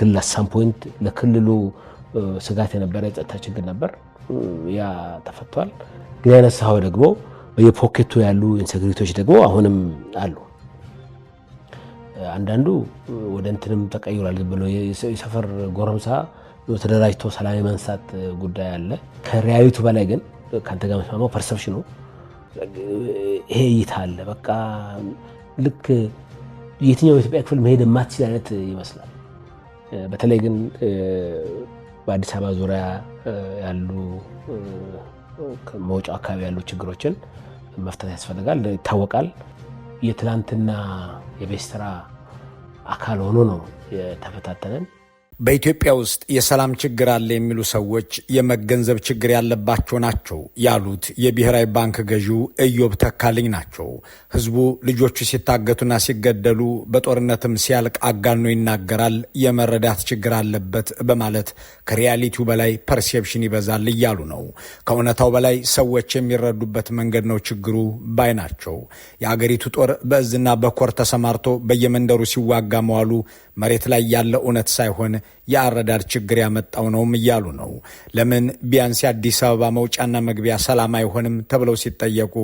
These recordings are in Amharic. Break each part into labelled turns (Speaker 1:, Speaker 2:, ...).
Speaker 1: ከክልል አሳምፖይንት ለክልሉ ስጋት የነበረ የጸጥታ ችግር ነበር። ያ ተፈቷል። ግን ያነሳኸው ደግሞ በየፖኬቱ ያሉ ኢንሴኩሪቲዎች ደግሞ አሁንም አሉ። አንዳንዱ ወደ እንትንም ተቀይሯል ብሎ የሰፈር ጎረምሳ ተደራጅቶ ሰላም የመንሳት ጉዳይ አለ። ከሪያዊቱ በላይ ግን ከአንተ ጋር መስማማው ፐርሰፕሽኑ ይሄ እይታ አለ። በቃ ልክ የትኛው የኢትዮጵያ ክፍል መሄድ የማትችል አይነት ይመስላል። በተለይ ግን በአዲስ አበባ ዙሪያ ያሉ መውጫው አካባቢ ያሉ ችግሮችን መፍታት ያስፈልጋል። ይታወቃል
Speaker 2: የትላንትና የቤት ስራ አካል ሆኖ ነው የተፈታተነን። በኢትዮጵያ ውስጥ የሰላም ችግር አለ የሚሉ ሰዎች የመገንዘብ ችግር ያለባቸው ናቸው ያሉት የብሔራዊ ባንክ ገዢው እዮብ ተካልኝ ናቸው። ህዝቡ ልጆቹ ሲታገቱና ሲገደሉ በጦርነትም ሲያልቅ አጋኖ ይናገራል፣ የመረዳት ችግር አለበት በማለት ከሪያሊቲው በላይ ፐርሴፕሽን ይበዛል እያሉ ነው። ከእውነታው በላይ ሰዎች የሚረዱበት መንገድ ነው ችግሩ ባይ ናቸው። የአገሪቱ ጦር በእዝና በኮር ተሰማርቶ በየመንደሩ ሲዋጋ መዋሉ መሬት ላይ ያለ እውነት ሳይሆን የአረዳድ ችግር ያመጣው ነውም እያሉ ነው። ለምን ቢያንስ የአዲስ አበባ መውጫና መግቢያ ሰላም አይሆንም ተብለው ሲጠየቁ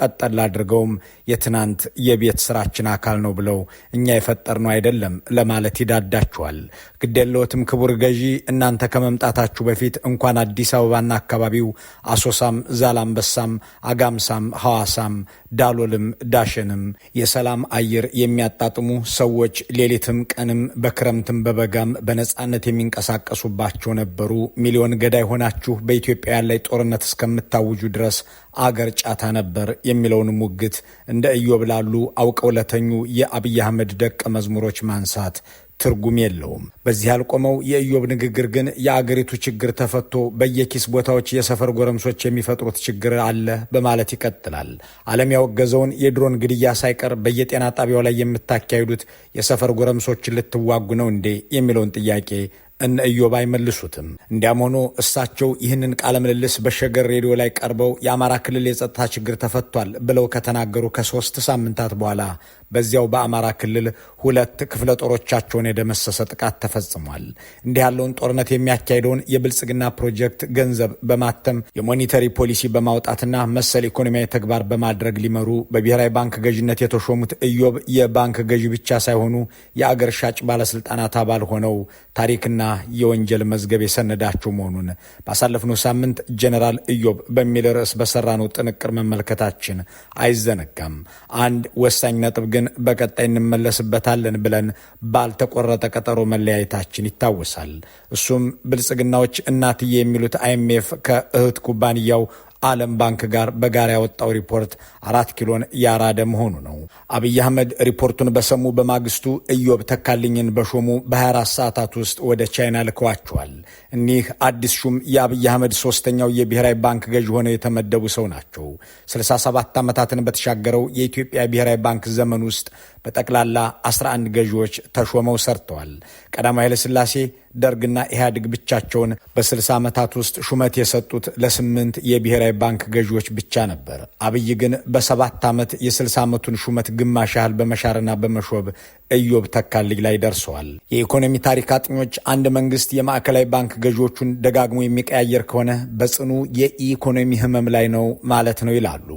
Speaker 2: ቀጠል አድርገውም የትናንት የቤት ስራችን አካል ነው ብለው እኛ የፈጠርነው አይደለም ለማለት ይዳዳቸዋል። ግዴለዎትም ክቡር ገዢ፣ እናንተ ከመምጣታችሁ በፊት እንኳን አዲስ አበባና አካባቢው አሶሳም፣ ዛላምበሳም፣ አጋምሳም፣ ሐዋሳም፣ ዳሎልም፣ ዳሸንም የሰላም አየር የሚያጣጥሙ ሰዎች ሌሊትም ቀንም በክረምትም በበጋም በነጻነት በነጻነት የሚንቀሳቀሱባቸው ነበሩ። ሚሊዮን ገዳይ ሆናችሁ በኢትዮጵያውያን ላይ ጦርነት እስከምታውጁ ድረስ አገር ጫታ ነበር የሚለውን ሙግት እንደ እዮብ ላሉ አውቀው ለተኙ የአብይ አህመድ ደቀ መዝሙሮች ማንሳት ትርጉም የለውም። በዚህ ያልቆመው የኢዮብ ንግግር ግን የአገሪቱ ችግር ተፈቶ በየኪስ ቦታዎች የሰፈር ጎረምሶች የሚፈጥሩት ችግር አለ በማለት ይቀጥላል። ዓለም ያወገዘውን የድሮን ግድያ ሳይቀር በየጤና ጣቢያው ላይ የምታካሂዱት የሰፈር ጎረምሶችን ልትዋጉ ነው እንዴ የሚለውን ጥያቄ እነ ኢዮብ አይመልሱትም። እንዲያም ሆኖ እሳቸው ይህንን ቃለ ምልልስ በሸገር ሬዲዮ ላይ ቀርበው የአማራ ክልል የጸጥታ ችግር ተፈቷል ብለው ከተናገሩ ከሶስት ሳምንታት በኋላ በዚያው በአማራ ክልል ሁለት ክፍለ ጦሮቻቸውን የደመሰሰ ጥቃት ተፈጽሟል። እንዲህ ያለውን ጦርነት የሚያካሄደውን የብልጽግና ፕሮጀክት ገንዘብ በማተም የሞኒተሪ ፖሊሲ በማውጣትና መሰል ኢኮኖሚያዊ ተግባር በማድረግ ሊመሩ በብሔራዊ ባንክ ገዥነት የተሾሙት እዮብ የባንክ ገዢ ብቻ ሳይሆኑ የአገር ሻጭ ባለስልጣናት አባል ሆነው ታሪክና የወንጀል መዝገብ የሰነዳቸው መሆኑን ባሳለፍነው ሳምንት ጀኔራል እዮብ በሚል ርዕስ በሰራነው ጥንቅር መመልከታችን አይዘነጋም። አንድ ወሳኝ ነጥብ ግን ግን በቀጣይ እንመለስበታለን ብለን ባልተቆረጠ ቀጠሮ መለያየታችን ይታወሳል። እሱም ብልጽግናዎች እናትዬ የሚሉት አይኤምኤፍ ከእህት ኩባንያው ዓለም ባንክ ጋር በጋራ ያወጣው ሪፖርት አራት ኪሎን ያራደ መሆኑ ነው። አብይ አህመድ ሪፖርቱን በሰሙ በማግስቱ እዮብ ተካልኝን በሾሙ በ24 ሰዓታት ውስጥ ወደ ቻይና ልከዋቸዋል። እኒህ አዲስ ሹም የአብይ አህመድ ሶስተኛው የብሔራዊ ባንክ ገዥ ሆነው የተመደቡ ሰው ናቸው። 67 ዓመታትን በተሻገረው የኢትዮጵያ ብሔራዊ ባንክ ዘመን ውስጥ በጠቅላላ 11 ገዢዎች ተሾመው ሰርተዋል። ቀዳማዊ ኃይለሥላሴ ደርግና ኢህአዴግ ብቻቸውን በ60 ዓመታት ውስጥ ሹመት የሰጡት ለስምንት የብሔራዊ ባንክ ገዢዎች ብቻ ነበር። አብይ ግን በሰባት ዓመት የ60 ዓመቱን ሹመት ግማሽ ያህል በመሻርና በመሾብ እዮብ ተካልኝ ላይ ደርሰዋል። የኢኮኖሚ ታሪክ አጥኞች አንድ መንግስት የማዕከላዊ ባንክ ገዢዎቹን ደጋግሞ የሚቀያየር ከሆነ በጽኑ የኢኮኖሚ ህመም ላይ ነው ማለት ነው ይላሉ።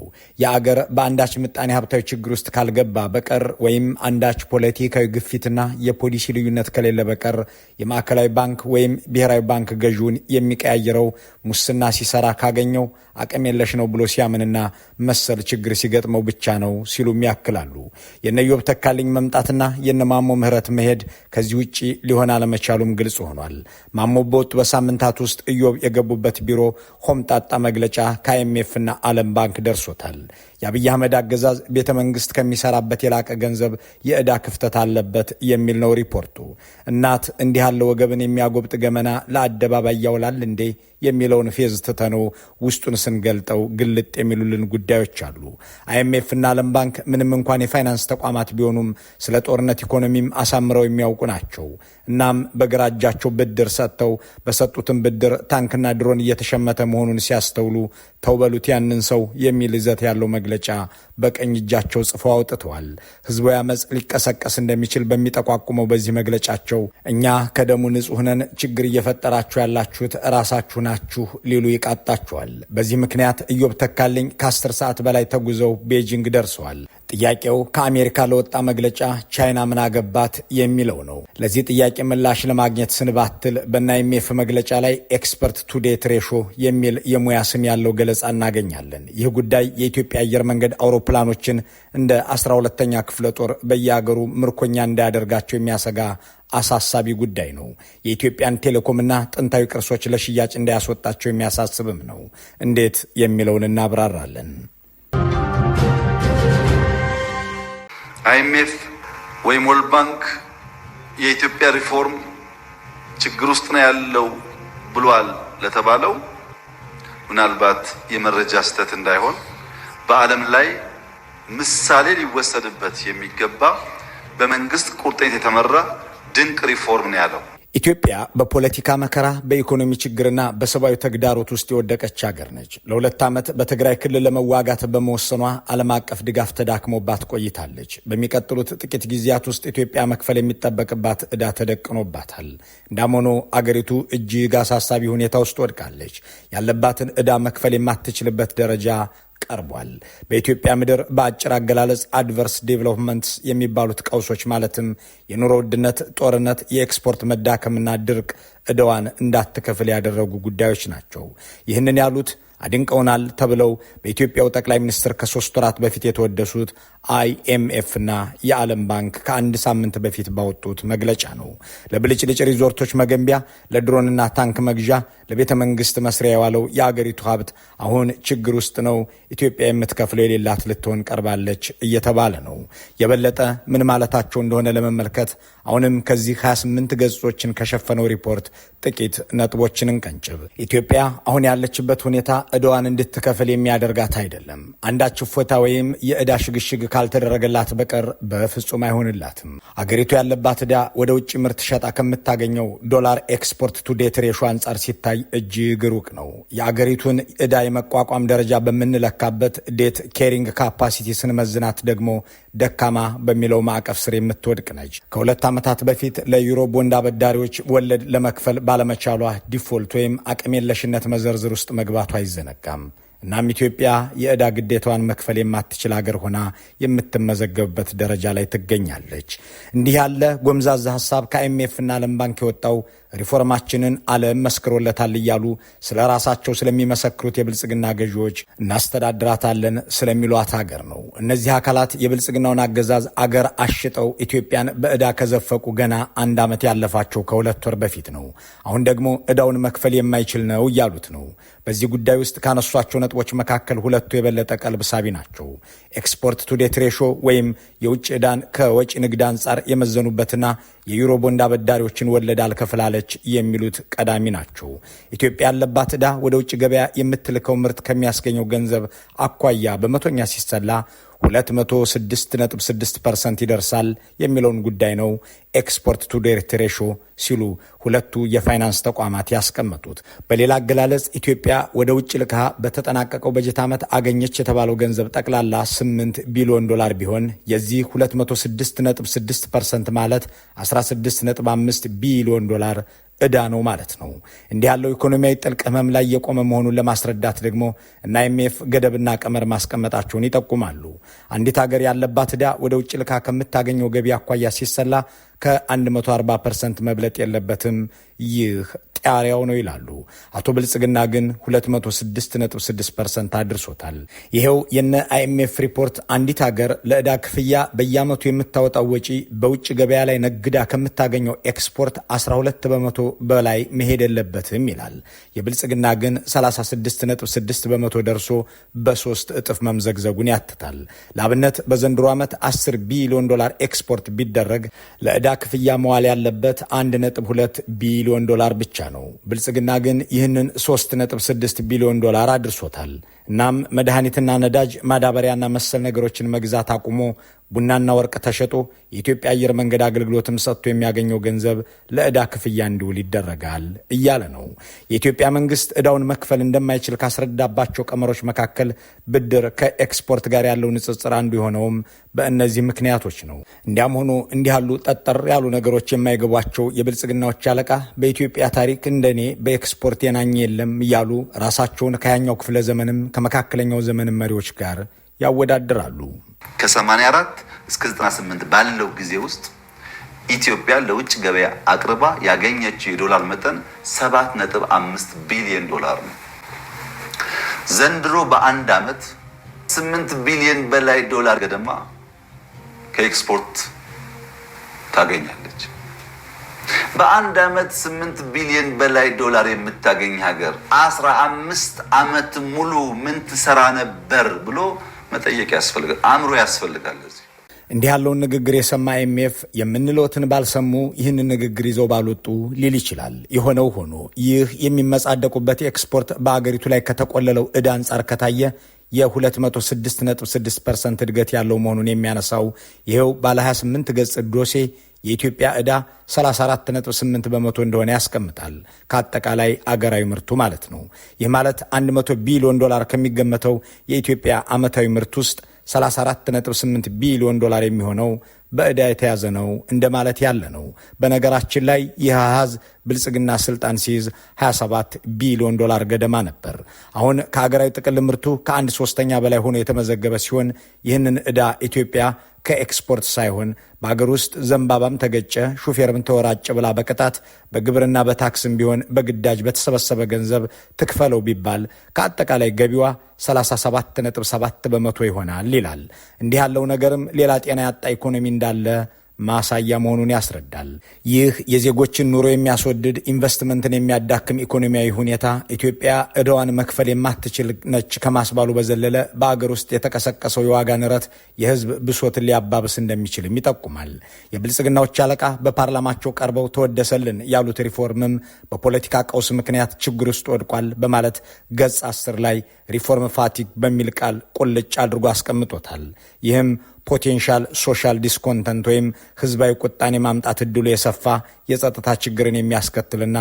Speaker 2: የአገር በአንዳች ምጣኔ ሀብታዊ ችግር ውስጥ ካልገባ በቀር ወይም ወይም አንዳች ፖለቲካዊ ግፊትና የፖሊሲ ልዩነት ከሌለ በቀር የማዕከላዊ ባንክ ወይም ብሔራዊ ባንክ ገዢውን የሚቀያየረው ሙስና ሲሰራ ካገኘው አቅም የለሽ ነው ብሎ ሲያምንና መሰል ችግር ሲገጥመው ብቻ ነው ሲሉም ያክላሉ። የነዮብ ተካልኝ መምጣትና የነማሞ ምህረት መሄድ ከዚህ ውጭ ሊሆን አለመቻሉም ግልጽ ሆኗል። ማሞ በወጡ በሳምንታት ውስጥ እዮብ የገቡበት ቢሮ ሆምጣጣ መግለጫ ከአይኤምኤፍና ዓለም ባንክ ደርሶታል። የአብይ አህመድ አገዛዝ ቤተ መንግስት ከሚሰራበት የላቀ ገንዘብ ገንዘብ የዕዳ ክፍተት አለበት የሚል ነው ሪፖርቱ። እናት እንዲህ ያለ ወገብን የሚያጎብጥ ገመና ለአደባባይ ያውላል እንዴ የሚለውን ፌዝ ትተነው ውስጡን ስንገልጠው ግልጥ የሚሉልን ጉዳዮች አሉ። አይኤምኤፍና ዓለም ባንክ ምንም እንኳን የፋይናንስ ተቋማት ቢሆኑም ስለ ጦርነት ኢኮኖሚም አሳምረው የሚያውቁ ናቸው። እናም በግራ እጃቸው ብድር ሰጥተው በሰጡትን ብድር ታንክና ድሮን እየተሸመተ መሆኑን ሲያስተውሉ ተውበሉት ያንን ሰው የሚል ይዘት ያለው መግለጫ በቀኝ እጃቸው ጽፈው አውጥተዋል። ህዝባዊ አመፅ ሊቀሰቀስ እንደሚችል በሚጠቋቁመው በዚህ መግለጫቸው እኛ ከደሙ ንጹህ ነን፣ ችግር እየፈጠራችሁ ያላችሁት ራሳችሁ ናችሁ ሊሉ ይቃጣችኋል። በዚህ ምክንያት እዮብ ተካልኝ ከአስር ሰዓት በላይ ተጉዘው ቤጂንግ ደርሰዋል። ጥያቄው ከአሜሪካ ለወጣ መግለጫ ቻይና ምን አገባት የሚለው ነው። ለዚህ ጥያቄ ምላሽ ለማግኘት ስንባትል በአይኤምኤፍ መግለጫ ላይ ኤክስፐርት ቱዴት ሬሾ የሚል የሙያ ስም ያለው ገለጻ እናገኛለን። ይህ ጉዳይ የኢትዮጵያ አየር መንገድ አውሮፕላኖችን እንደ 12ተኛ ክፍለ ጦር በየአገሩ ምርኮኛ እንዳያደርጋቸው የሚያሰጋ አሳሳቢ ጉዳይ ነው። የኢትዮጵያን ቴሌኮምና ጥንታዊ ቅርሶች ለሽያጭ እንዳያስወጣቸው የሚያሳስብም ነው። እንዴት የሚለውን እናብራራለን።
Speaker 3: አይኤምኤፍ ወይም ወርልድ ባንክ የኢትዮጵያ ሪፎርም ችግር ውስጥ ነው ያለው ብሏል ለተባለው ምናልባት የመረጃ ስህተት እንዳይሆን በዓለም ላይ ምሳሌ ሊወሰድበት
Speaker 2: የሚገባ በመንግስት ቁርጠኝነት የተመራ ድንቅ ሪፎርም ነው ያለው። ኢትዮጵያ በፖለቲካ መከራ በኢኮኖሚ ችግርና በሰብአዊ ተግዳሮት ውስጥ የወደቀች ሀገር ነች። ለሁለት ዓመት በትግራይ ክልል ለመዋጋት በመወሰኗ ዓለም አቀፍ ድጋፍ ተዳክሞባት ቆይታለች። በሚቀጥሉት ጥቂት ጊዜያት ውስጥ ኢትዮጵያ መክፈል የሚጠበቅባት ዕዳ ተደቅኖባታል። እንዳም ሆኖ አገሪቱ እጅግ አሳሳቢ ሁኔታ ውስጥ ወድቃለች። ያለባትን ዕዳ መክፈል የማትችልበት ደረጃ ቀርቧል። በኢትዮጵያ ምድር በአጭር አገላለጽ አድቨርስ ዴቨሎፕመንትስ የሚባሉት ቀውሶች ማለትም የኑሮ ውድነት፣ ጦርነት፣ የኤክስፖርት መዳከምና ድርቅ ዕዳዋን እንዳትከፍል ያደረጉ ጉዳዮች ናቸው። ይህንን ያሉት አድንቀውናል ተብለው በኢትዮጵያው ጠቅላይ ሚኒስትር ከሶስት ወራት በፊት የተወደሱት አይኤምኤፍና የዓለም ባንክ ከአንድ ሳምንት በፊት ባወጡት መግለጫ ነው። ለብልጭልጭ ሪዞርቶች መገንቢያ፣ ለድሮንና ታንክ መግዣ ለቤተ መንግስት መስሪያ የዋለው የአገሪቱ ሀብት አሁን ችግር ውስጥ ነው፣ ኢትዮጵያ የምትከፍለው የሌላት ልትሆን ቀርባለች እየተባለ ነው። የበለጠ ምን ማለታቸው እንደሆነ ለመመልከት አሁንም ከዚህ 28 ገጾችን ከሸፈነው ሪፖርት ጥቂት ነጥቦችን እንቀንጭብ። ኢትዮጵያ አሁን ያለችበት ሁኔታ እዳዋን እንድትከፍል የሚያደርጋት አይደለም። አንዳች እፎታ ወይም የእዳ ሽግሽግ ካልተደረገላት በቀር በፍጹም አይሆንላትም። አገሪቱ ያለባት እዳ ወደ ውጭ ምርት ሸጣ ከምታገኘው ዶላር ኤክስፖርት ቱ ዴት ሬሾ አንጻር ሲታይ ጉዳይ እጅግ ሩቅ ነው። የአገሪቱን ዕዳ የመቋቋም ደረጃ በምንለካበት ዴት ኬሪንግ ካፓሲቲ ስንመዝናት ደግሞ ደካማ በሚለው ማዕቀፍ ስር የምትወድቅ ነች። ከሁለት ዓመታት በፊት ለዩሮ ቦንድ አበዳሪዎች ወለድ ለመክፈል ባለመቻሏ ዲፎልት ወይም አቅም የለሽነት መዘርዝር ውስጥ መግባቱ አይዘነጋም። እናም ኢትዮጵያ የዕዳ ግዴታዋን መክፈል የማትችል አገር ሆና የምትመዘገብበት ደረጃ ላይ ትገኛለች። እንዲህ ያለ ጎምዛዛ ሀሳብ ከአይኤምኤፍና ዓለም ባንክ የወጣው ሪፎርማችንን ዓለም መስክሮለታል እያሉ ስለ ራሳቸው ስለሚመሰክሩት የብልጽግና ገዢዎች እናስተዳድራታለን ስለሚሏት አገር ነው። እነዚህ አካላት የብልጽግናውን አገዛዝ አገር አሽጠው ኢትዮጵያን በዕዳ ከዘፈቁ ገና አንድ ዓመት ያለፋቸው ከሁለት ወር በፊት ነው። አሁን ደግሞ ዕዳውን መክፈል የማይችል ነው እያሉት ነው። በዚህ ጉዳይ ውስጥ ካነሷቸው ነጥቦች መካከል ሁለቱ የበለጠ ቀልብ ሳቢ ናቸው። ኤክስፖርት ቱ ዴት ሬሾ ወይም የውጭ ዕዳን ከወጪ ንግድ አንጻር የመዘኑበትና የዩሮ ቦንድ አበዳሪዎችን ወለድ አልከፍላለች የሚሉት ቀዳሚ ናቸው። ኢትዮጵያ ያለባት ዕዳ ወደ ውጭ ገበያ የምትልከው ምርት ከሚያስገኘው ገንዘብ አኳያ በመቶኛ ሲሰላ 206.6 ፐርሰንት ይደርሳል የሚለውን ጉዳይ ነው ኤክስፖርት ቱ ዴሪት ሬሾ ሲሉ ሁለቱ የፋይናንስ ተቋማት ያስቀመጡት። በሌላ አገላለጽ ኢትዮጵያ ወደ ውጭ ልካ በተጠናቀቀው በጀት ዓመት አገኘች የተባለው ገንዘብ ጠቅላላ 8 ቢሊዮን ዶላር ቢሆን የዚህ 206.6 ፐርሰንት ማለት 16.5 ቢሊዮን ዶላር ዕዳ ነው ማለት ነው። እንዲህ ያለው ኢኮኖሚያዊ ጥልቅ ህመም ላይ የቆመ መሆኑን ለማስረዳት ደግሞ እና አይኤምኤፍ ገደብና ቀመር ማስቀመጣቸውን ይጠቁማሉ። አንዲት ሀገር ያለባት ዕዳ ወደ ውጭ ልካ ከምታገኘው ገቢ አኳያ ሲሰላ ከ140 ፐርሰንት መብለጥ የለበትም። ይህ ጣሪያው ነው ይላሉ አቶ ብልጽግና ግን 266 ፐርሰንት አድርሶታል። ይኸው የነ አይኤምኤፍ ሪፖርት አንዲት ሀገር ለዕዳ ክፍያ በየዓመቱ የምታወጣው ወጪ በውጭ ገበያ ላይ ነግዳ ከምታገኘው ኤክስፖርት 12 በመቶ በላይ መሄድ የለበትም ይላል። የብልጽግና ግን 36.6 በመቶ ደርሶ በሶስት እጥፍ መምዘግዘጉን ያትታል። ለአብነት በዘንድሮ ዓመት 10 ቢሊዮን ዶላር ኤክስፖርት ቢደረግ ለዕዳ የዕዳ ክፍያ መዋል ያለበት 1.2 ቢሊዮን ዶላር ብቻ ነው። ብልጽግና ግን ይህንን 3.6 ቢሊዮን ዶላር አድርሶታል። እናም መድኃኒትና ነዳጅ፣ ማዳበሪያና መሰል ነገሮችን መግዛት አቁሞ ቡናና ወርቅ ተሸጦ የኢትዮጵያ አየር መንገድ አገልግሎትም ሰጥቶ የሚያገኘው ገንዘብ ለዕዳ ክፍያ እንዲውል ይደረጋል እያለ ነው። የኢትዮጵያ መንግስት ዕዳውን መክፈል እንደማይችል ካስረዳባቸው ቀመሮች መካከል ብድር ከኤክስፖርት ጋር ያለው ንጽጽር አንዱ የሆነውም በእነዚህ ምክንያቶች ነው። እንዲያም ሆኖ እንዲህ ያሉ ጠጠር ያሉ ነገሮች የማይገቧቸው የብልጽግናዎች አለቃ በኢትዮጵያ ታሪክ እንደኔ በኤክስፖርት የናኘ የለም እያሉ ራሳቸውን ከያኛው ክፍለ ዘመንም ከመካከለኛው ዘመን መሪዎች ጋር ያወዳድራሉ። ከ84 እስከ 98 ባለው ጊዜ ውስጥ ኢትዮጵያ ለውጭ ገበያ አቅርባ ያገኘችው የዶላር መጠን 7.5 ቢሊዮን ዶላር ነው። ዘንድሮ በአንድ ዓመት 8 ቢሊዮን በላይ ዶላር ገደማ ከኤክስፖርት ታገኛለች። በአንድ ዓመት ስምንት ቢሊዮን በላይ ዶላር የምታገኝ ሀገር አስራ አምስት አመት ሙሉ ምን ትሰራ ነበር ብሎ መጠየቅ ያስፈልጋል። አእምሮ ያስፈልጋል። እዚህ እንዲህ ያለውን ንግግር የሰማ ኤምኤፍ የምንለትን ባልሰሙ ይህን ንግግር ይዘው ባልወጡ ሊል ይችላል። የሆነው ሆኖ ይህ የሚመጻደቁበት ኤክስፖርት በአገሪቱ ላይ ከተቆለለው ዕዳ አንጻር ከታየ የ 266 ፐርሰንት እድገት ያለው መሆኑን የሚያነሳው ይኸው ባለ 28 ገጽ ዶሴ የኢትዮጵያ ዕዳ 34.8 በመቶ እንደሆነ ያስቀምጣል። ከአጠቃላይ አገራዊ ምርቱ ማለት ነው። ይህ ማለት 100 ቢሊዮን ዶላር ከሚገመተው የኢትዮጵያ ዓመታዊ ምርት ውስጥ 34.8 ቢሊዮን ዶላር የሚሆነው በዕዳ የተያዘ ነው እንደማለት ያለ ነው። በነገራችን ላይ ይህ አሃዝ ብልጽግና ስልጣን ሲይዝ 27 ቢሊዮን ዶላር ገደማ ነበር። አሁን ከአገራዊ ጥቅል ምርቱ ከአንድ ሶስተኛ በላይ ሆኖ የተመዘገበ ሲሆን ይህንን ዕዳ ኢትዮጵያ ከኤክስፖርት ሳይሆን በአገር ውስጥ ዘንባባም ተገጨ፣ ሹፌርም ተወራጭ ብላ በቅጣት በግብርና በታክስም ቢሆን በግዳጅ በተሰበሰበ ገንዘብ ትክፈለው ቢባል ከአጠቃላይ ገቢዋ 37.7 በመቶ ይሆናል ይላል። እንዲህ ያለው ነገርም ሌላ ጤና ያጣ ኢኮኖሚ እንዳለ ማሳያ መሆኑን ያስረዳል። ይህ የዜጎችን ኑሮ የሚያስወድድ ኢንቨስትመንትን የሚያዳክም ኢኮኖሚያዊ ሁኔታ ኢትዮጵያ እዳዋን መክፈል የማትችል ነች ከማስባሉ በዘለለ በአገር ውስጥ የተቀሰቀሰው የዋጋ ንረት የህዝብ ብሶትን ሊያባብስ እንደሚችልም ይጠቁማል። የብልጽግናዎች አለቃ በፓርላማቸው ቀርበው ተወደሰልን ያሉት ሪፎርምም በፖለቲካ ቀውስ ምክንያት ችግር ውስጥ ወድቋል በማለት ገጽ አስር ላይ ሪፎርም ፋቲግ በሚል ቃል ቁልጭ አድርጎ አስቀምጦታል። ይህም ፖቴንሻል ሶሻል ዲስኮንተንት ወይም ህዝባዊ ቁጣን የማምጣት እድሉ የሰፋ የጸጥታ ችግርን የሚያስከትልና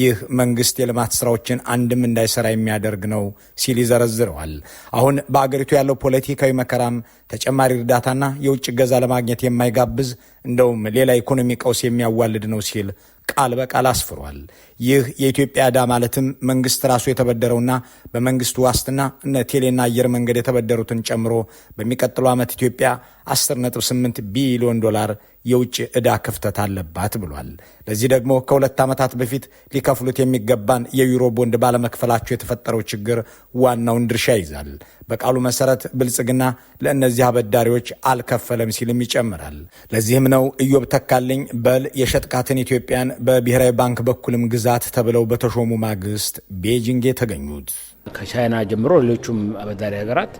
Speaker 2: ይህ መንግስት የልማት ስራዎችን አንድም እንዳይሰራ የሚያደርግ ነው ሲል ይዘረዝረዋል። አሁን በአገሪቱ ያለው ፖለቲካዊ መከራም ተጨማሪ እርዳታና የውጭ ገዛ ለማግኘት የማይጋብዝ እንደውም ሌላ ኢኮኖሚ ቀውስ የሚያዋልድ ነው ሲል ቃል በቃል አስፍሯል። ይህ የኢትዮጵያ ዕዳ ማለትም መንግስት ራሱ የተበደረውና በመንግስቱ ዋስትና እነ ቴሌና አየር መንገድ የተበደሩትን ጨምሮ በሚቀጥለው ዓመት ኢትዮጵያ 10.8 ቢሊዮን ዶላር የውጭ ዕዳ ክፍተት አለባት ብሏል። ለዚህ ደግሞ ከሁለት ዓመታት በፊት ሊከፍሉት የሚገባን የዩሮ ቦንድ ባለመክፈላቸው የተፈጠረው ችግር ዋናውን ድርሻ ይዛል። በቃሉ መሰረት ብልጽግና ለእነዚህ አበዳሪዎች አልከፈለም ሲልም ይጨምራል። ለዚህም ነው እዮብ ተካልኝ በል የሸጥቃትን ኢትዮጵያን በብሔራዊ ባንክ በኩልም ግዛት ተብለው በተሾሙ ማግስት ቤጂንግ የተገኙት ከቻይና ጀምሮ ሌሎቹም አበዳሪ ሀገራት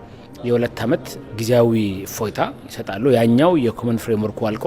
Speaker 2: የሁለት ዓመት ጊዜያዊ እፎይታ ይሰጣሉ። ያኛው የኮመን ፍሬምወርኩ አልቆ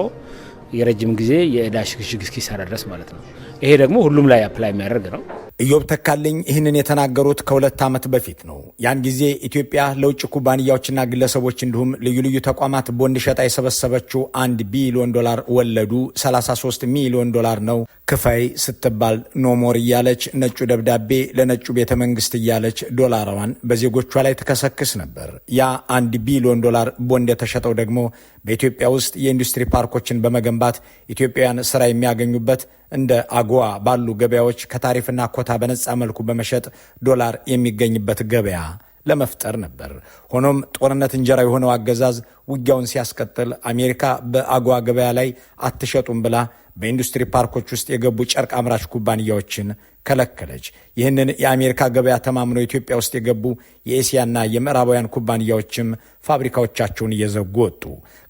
Speaker 2: የረጅም ጊዜ የእዳ ሽግሽግ እስኪሰራ ድረስ ማለት ነው። ይሄ ደግሞ ሁሉም ላይ አፕላይ የሚያደርግ ነው። ኢዮብ ተካልኝ ይህንን የተናገሩት ከሁለት ዓመት በፊት ነው። ያን ጊዜ ኢትዮጵያ ለውጭ ኩባንያዎችና ግለሰቦች እንዲሁም ልዩ ልዩ ተቋማት ቦንድ ሸጣ የሰበሰበችው አንድ ቢሊዮን ዶላር ወለዱ 33 ሚሊዮን ዶላር ነው ክፈይ ስትባል ኖሞር እያለች ነጩ ደብዳቤ ለነጩ ቤተ መንግስት እያለች ዶላሯን በዜጎቿ ላይ ትከሰክስ ነበር። ያ አንድ ቢሊዮን ዶላር ቦንድ የተሸጠው ደግሞ በኢትዮጵያ ውስጥ የኢንዱስትሪ ፓርኮችን በመገንባት ኢትዮጵያውያን ስራ የሚያገኙበት እንደ አጎዋ ባሉ ገበያዎች ከታሪፍና ኮታ በነፃ መልኩ በመሸጥ ዶላር የሚገኝበት ገበያ ለመፍጠር ነበር። ሆኖም ጦርነት እንጀራ የሆነው አገዛዝ ውጊያውን ሲያስቀጥል አሜሪካ በአጓ ገበያ ላይ አትሸጡም ብላ በኢንዱስትሪ ፓርኮች ውስጥ የገቡ ጨርቅ አምራች ኩባንያዎችን ከለከለች። ይህንን የአሜሪካ ገበያ ተማምኖ ኢትዮጵያ ውስጥ የገቡ የኤስያና የምዕራባውያን ኩባንያዎችም ፋብሪካዎቻቸውን እየዘጉ ወጡ።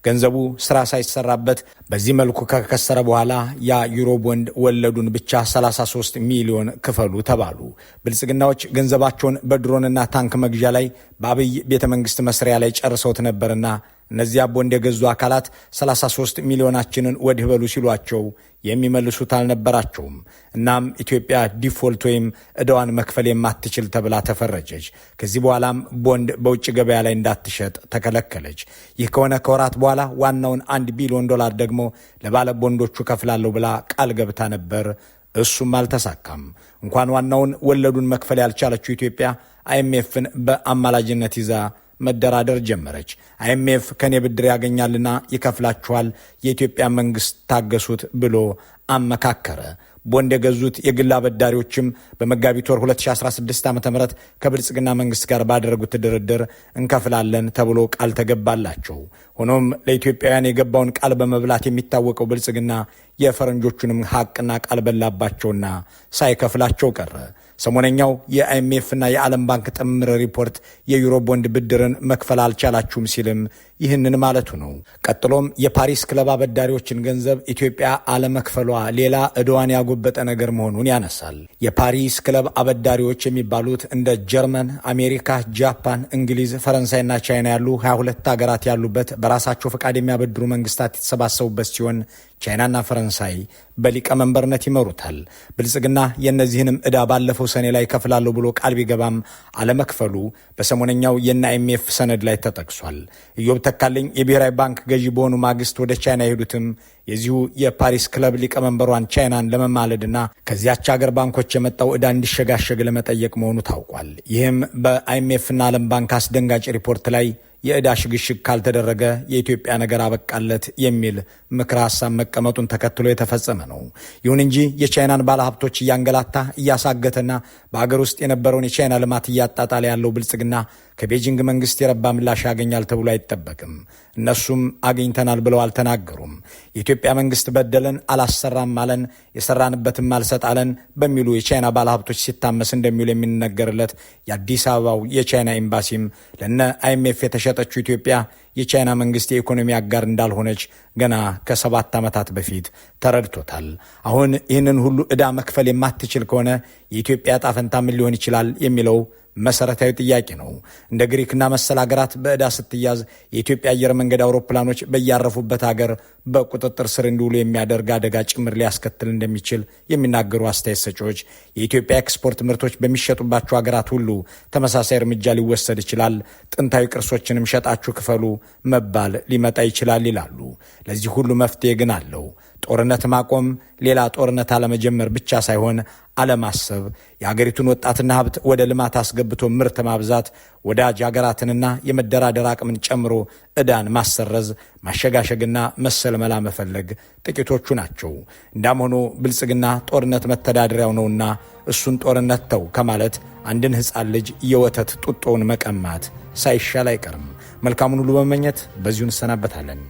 Speaker 2: ገንዘቡ ስራ ሳይሰራበት በዚህ መልኩ ከከሰረ በኋላ ያ ቦንድ ወለዱን ብቻ 33 ሚሊዮን ክፈሉ ተባሉ። ብልጽግናዎች ገንዘባቸውን በድሮንና ታንክ መግዣ ላይ በአብይ ቤተ መንግስት መስሪያ ላይ ጨርሰውት ነበርና እነዚያ ቦንድ የገዙ አካላት 33 ሚሊዮናችንን ወድህ በሉ ሲሏቸው የሚመልሱት አልነበራቸውም። እናም ኢትዮጵያ ዲፎልት ወይም ዕዳዋን መክፈል የማትችል ተብላ ተፈረጀች። ከዚህ በኋላም ቦንድ በውጭ ገበያ ላይ እንዳትሸጥ ተከለከለች። ይህ ከሆነ ከወራት በኋላ ዋናውን አንድ ቢሊዮን ዶላር ደግሞ ለባለ ቦንዶቹ ከፍላለሁ ብላ ቃል ገብታ ነበር። እሱም አልተሳካም። እንኳን ዋናውን ወለዱን መክፈል ያልቻለችው ኢትዮጵያ አይኤምኤፍን በአማላጅነት ይዛ መደራደር ጀመረች። አይኤምኤፍ ከኔ ብድር ያገኛልና ይከፍላችኋል፣ የኢትዮጵያ መንግስት ታገሱት ብሎ አመካከረ። ቦንድ የገዙት የግል አበዳሪዎችም በመጋቢት ወር 2016 ዓ ም ከብልጽግና መንግስት ጋር ባደረጉት ድርድር እንከፍላለን ተብሎ ቃል ተገባላቸው። ሆኖም ለኢትዮጵያውያን የገባውን ቃል በመብላት የሚታወቀው ብልጽግና የፈረንጆቹንም ሐቅና ቃል በላባቸውና ሳይከፍላቸው ቀረ። ሰሞነኛው የአይኤምኤፍና የዓለም ባንክ ጥምር ሪፖርት የዩሮ ቦንድ ብድርን መክፈል አልቻላችሁም ሲልም ይህንን ማለቱ ነው። ቀጥሎም የፓሪስ ክለብ አበዳሪዎችን ገንዘብ ኢትዮጵያ አለመክፈሏ ሌላ እድዋን ያጎበጠ ነገር መሆኑን ያነሳል። የፓሪስ ክለብ አበዳሪዎች የሚባሉት እንደ ጀርመን፣ አሜሪካ፣ ጃፓን፣ እንግሊዝ፣ ፈረንሳይና ቻይና ያሉ 22 ሀገራት ያሉበት በራሳቸው ፈቃድ የሚያበድሩ መንግስታት የተሰባሰቡበት ሲሆን ቻይናና ፈረንሳይ ፈረንሳይ በሊቀመንበርነት ይመሩታል። ብልጽግና የእነዚህንም ዕዳ ባለፈው ሰኔ ላይ ከፍላለሁ ብሎ ቃል ቢገባም አለመክፈሉ በሰሞነኛው የነ አይኤምኤፍ ሰነድ ላይ ተጠቅሷል። ኢዮብ ተካልኝ የብሔራዊ ባንክ ገዢ በሆኑ ማግስት ወደ ቻይና የሄዱትም የዚሁ የፓሪስ ክለብ ሊቀመንበሯን ቻይናን ለመማለድና ከዚያች አገር ባንኮች የመጣው ዕዳ እንዲሸጋሸግ ለመጠየቅ መሆኑ ታውቋል። ይህም በአይኤምኤፍና ዓለም ባንክ አስደንጋጭ ሪፖርት ላይ የዕዳ ሽግሽግ ካልተደረገ የኢትዮጵያ ነገር አበቃለት የሚል ምክር ሀሳብ መቀመጡን ተከትሎ የተፈጸመ ነው። ይሁን እንጂ የቻይናን ባለሀብቶች እያንገላታ እያሳገተና በአገር ውስጥ የነበረውን የቻይና ልማት እያጣጣለ ያለው ብልጽግና ከቤጂንግ መንግስት የረባ ምላሽ ያገኛል ተብሎ አይጠበቅም። እነሱም አግኝተናል ብለው አልተናገሩም። የኢትዮጵያ መንግስት በደለን፣ አላሰራም አለን፣ የሰራንበትም አልሰጥ አለን በሚሉ የቻይና ባለሀብቶች ሲታመስ እንደሚሉ የሚነገርለት የአዲስ አበባው የቻይና ኤምባሲም ለነ አይኤምኤፍ የተሸጠችው ኢትዮጵያ የቻይና መንግስት የኢኮኖሚ አጋር እንዳልሆነች ገና ከሰባት ዓመታት በፊት ተረድቶታል። አሁን ይህንን ሁሉ ዕዳ መክፈል የማትችል ከሆነ የኢትዮጵያ ጣፈንታ ምን ሊሆን ይችላል የሚለው መሰረታዊ ጥያቄ ነው። እንደ ግሪክና መሰል ሀገራት በዕዳ ስትያዝ የኢትዮጵያ አየር መንገድ አውሮፕላኖች በያረፉበት ሀገር በቁጥጥር ስር እንዲውሉ የሚያደርግ አደጋ ጭምር ሊያስከትል እንደሚችል የሚናገሩ አስተያየት ሰጪዎች የኢትዮጵያ ኤክስፖርት ምርቶች በሚሸጡባቸው ሀገራት ሁሉ ተመሳሳይ እርምጃ ሊወሰድ ይችላል፣ ጥንታዊ ቅርሶችንም ሸጣችሁ ክፈሉ መባል ሊመጣ ይችላል ይላሉ። ለዚህ ሁሉ መፍትሄ ግን አለው። ጦርነት ማቆም ሌላ ጦርነት አለመጀመር ብቻ ሳይሆን አለማሰብ፣ የአገሪቱን ወጣትና ሀብት ወደ ልማት አስገብቶ ምርት ማብዛት፣ ወዳጅ አገራትንና የመደራደር አቅምን ጨምሮ ዕዳን ማሰረዝ፣ ማሸጋሸግና መሰል መላ መፈለግ ጥቂቶቹ ናቸው። እንዳም ሆኖ ብልጽግና ጦርነት መተዳደሪያው ነውና እሱን ጦርነት ተው ከማለት አንድን ሕፃን ልጅ የወተት ጡጦውን መቀማት ሳይሻል አይቀርም። መልካሙን ሁሉ በመመኘት በዚሁ እንሰናበታለን።